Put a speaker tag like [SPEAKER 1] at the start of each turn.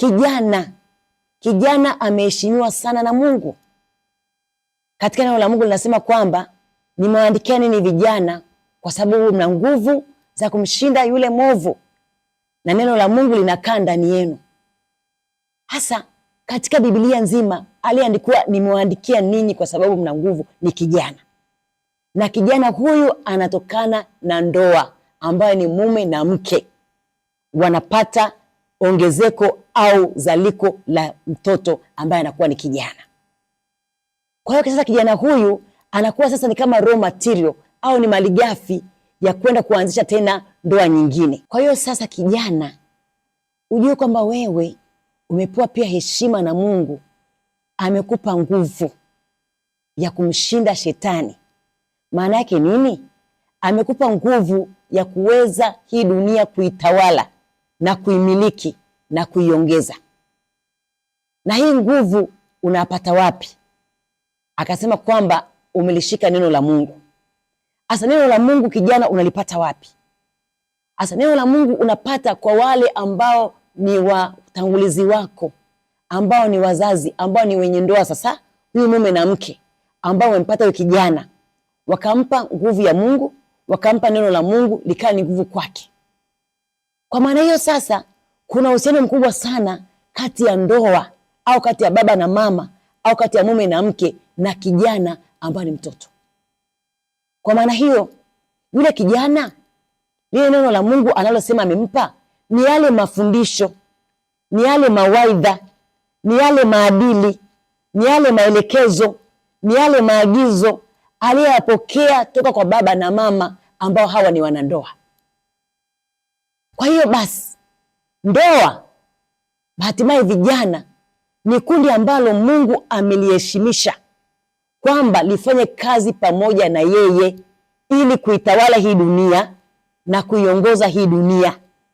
[SPEAKER 1] Kijana, kijana ameheshimiwa sana na Mungu. Katika neno la Mungu linasema kwamba nimewaandikia nini vijana, kwa sababu mna nguvu za kumshinda yule mwovu na neno la Mungu linakaa ndani yenu. Hasa katika Biblia nzima aliyeandikiwa nimewaandikia ninyi kwa sababu mna nguvu ni kijana, na kijana huyu anatokana na ndoa ambayo ni mume na mke wanapata ongezeko au zaliko la mtoto ambaye anakuwa ni kijana. Kwa hiyo sasa kijana huyu anakuwa sasa ni kama raw material au ni malighafi ya kwenda kuanzisha tena ndoa nyingine. Kwa hiyo sasa, kijana, ujue kwamba wewe umepewa pia heshima na Mungu, amekupa nguvu ya kumshinda shetani. Maana yake nini? Amekupa nguvu ya kuweza hii dunia kuitawala na kuimiliki na kuiongeza. Na hii nguvu unapata wapi? Akasema kwamba umelishika neno la Mungu. Asa, neno la Mungu kijana, unalipata wapi? Asa, neno la Mungu unapata kwa wale ambao ni watangulizi wako, ambao ni wazazi, ambao ni wenye ndoa. Sasa huyu mume na mke ambao wamempata huyu kijana, wakampa nguvu ya Mungu, wakampa neno la Mungu, likawa ni nguvu kwake kwa maana hiyo sasa kuna uhusiano mkubwa sana kati ya ndoa au kati ya baba na mama au kati ya mume na mke na kijana ambaye ni mtoto. Kwa maana hiyo yule kijana, lile neno la Mungu analosema amempa ni yale mafundisho, ni yale mawaidha, ni yale maadili, ni yale maelekezo, ni yale maagizo aliyoyapokea toka kwa baba na mama ambao hawa ni wanandoa. Kwa hiyo basi, ndoa hatimaye, vijana ni kundi ambalo Mungu ameliheshimisha kwamba lifanye kazi pamoja na yeye ili kuitawala hii dunia na kuiongoza hii dunia.